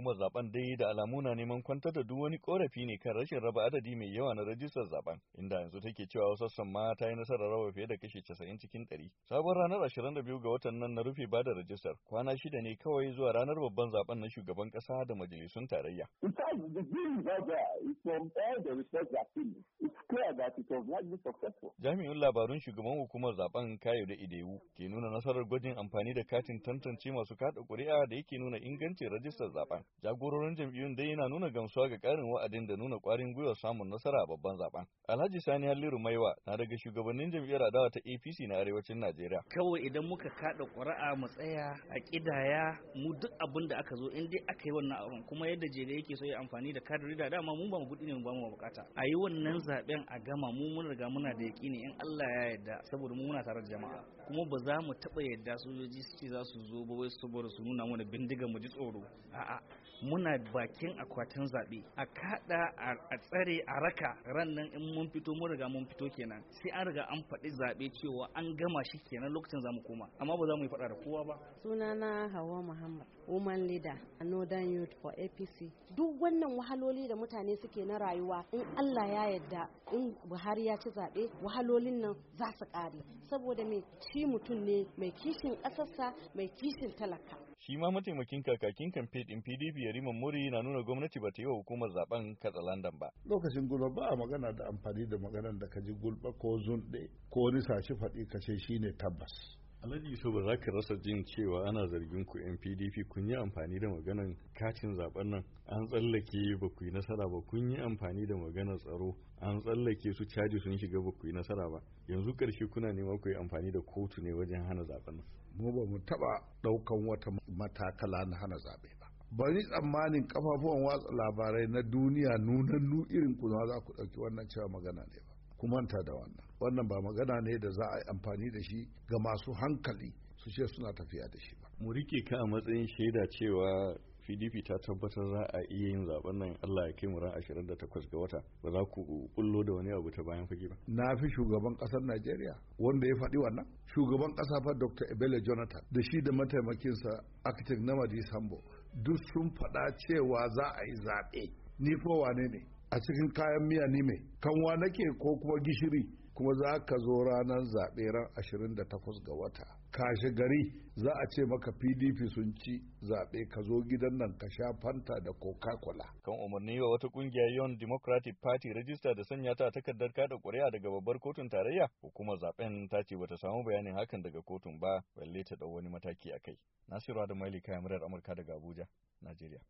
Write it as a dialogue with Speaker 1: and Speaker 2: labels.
Speaker 1: hukumar zaben dai da alamu na neman kwantar da duk wani korafi ne kan rashin raba adadi mai yawa na rajistar zaben inda yanzu take cewa sassan ma ta yi nasarar raba fiye da kashi 90 cikin 100 sabon ranar 22 ga watan nan na rufe bada rajistar kwana shida ne kawai zuwa ranar babban zaben na shugaban kasa da majalisun tarayya uh, Jami'in labarun shugaban hukumar zaben Kayo da Idewu ke nuna nasarar gwajin amfani da katin tantance masu kada kuri'a da yake nuna ingancin rajistar zaben. Jagororin jam'iyyun dai yana nuna gamsuwa ga karin wa'adin da nuna kwarin gwiwa samun nasara a babban zaben. Alhaji Sani Halliru Maiwa na daga shugabannin jam'iyyar adawa ta APC na arewacin Najeriya. Kawai
Speaker 2: idan muka kaɗa ƙuri'a mu tsaya a kidaya mu duk abin da aka zo in dai aka yi wannan abin kuma yadda jere yake so ya amfani da kadari da dama mu ba mu kuɗi ne mu ba mu bukata. A yi wannan zaben a gama mu mun riga muna da yaƙini in Allah ya yarda saboda mu muna tare da jama'a kuma ba za mu taɓa yarda sojoji su ce za su zo ba wai saboda su nuna mana bindiga mu ji tsoro. A'a muna bakin akwatin zaɓe a kaɗa a tsare a raka ran nan in mun fito mun riga mun fito kenan sai an riga an faɗi zaɓe cewa an gama shi kenan lokacin za mu koma amma ba za mu yi faɗa da kowa ba sunana hawa muhammad woman leader a northern youth for apc duk wannan wahaloli da mutane suke na rayuwa in allah ya yarda in buhari ya ci zaɓe wahalolin nan za su ƙare saboda mai ci mutum ne mai kishin ƙasarsa mai kishin talaka
Speaker 1: Shi ma mataimakin kakakin kamfe ɗin PDP Yariman Muri na nuna gwamnati ba ta yi wa hukumar zaben katsalandan ba.
Speaker 3: Lokacin gulba ba a magana da amfani da maganar da ka ji gulba ko zunɗe ko wani sashi faɗi kashe shi ne tabbas.
Speaker 1: Alhaji ba za ka rasa jin cewa ana zargin ku 'yan PDP kun yi amfani da maganan katin zaben nan an tsallake ba ku yi nasara ba kun yi amfani da maganar tsaro an tsallake su caji sun shiga ba ku yi nasara ba yanzu karshe kuna nema ku yi amfani da kotu ne wajen
Speaker 3: hana zaben nan. Mu ba mu taɓa ɗaukan wata matakala na hana zabe ba. Bari tsammanin kafafuwan watsa labarai na duniya nu irin kuna za ku ɗauki wannan cewa magana ne ba. Ku manta da wannan wannan ba magana ne da za a yi amfani da shi ga masu hankali su ce suna tafiya da shi
Speaker 1: ba mu rike ka a matsayin shaida cewa pdp ta tabbatar za a iya yin zaben nan allah ya kai mu ran 28 ga wata ba za ku bullo da
Speaker 3: wani abu ta bayan fage ba na fi shugaban kasar najeriya wanda ya faɗi wannan shugaban ƙasa fa dr ebele jonathan da shi da mataimakinsa architect namadi sambo duk sun faɗa cewa za a yi zaɓe ni ko wane ne a cikin kayan miya ne mai kanwa nake ko kuma gishiri kuma za ka zo ranar zaɓe ran 28 ga wata kashi gari za a ce maka pdp sun ci zaɓe ka zo gidan nan ka sha fanta da coca-cola
Speaker 1: kan umarni wa wata kungiya yawan democratic party rajista da sanya ta takardar kada ƙuri'a daga babbar kotun tarayya hukumar zaben ta ce bata samu bayanin hakan daga kotun ba balle ta dau wani mataki a kai nasiru da maili kayan murar amurka daga abuja najeriya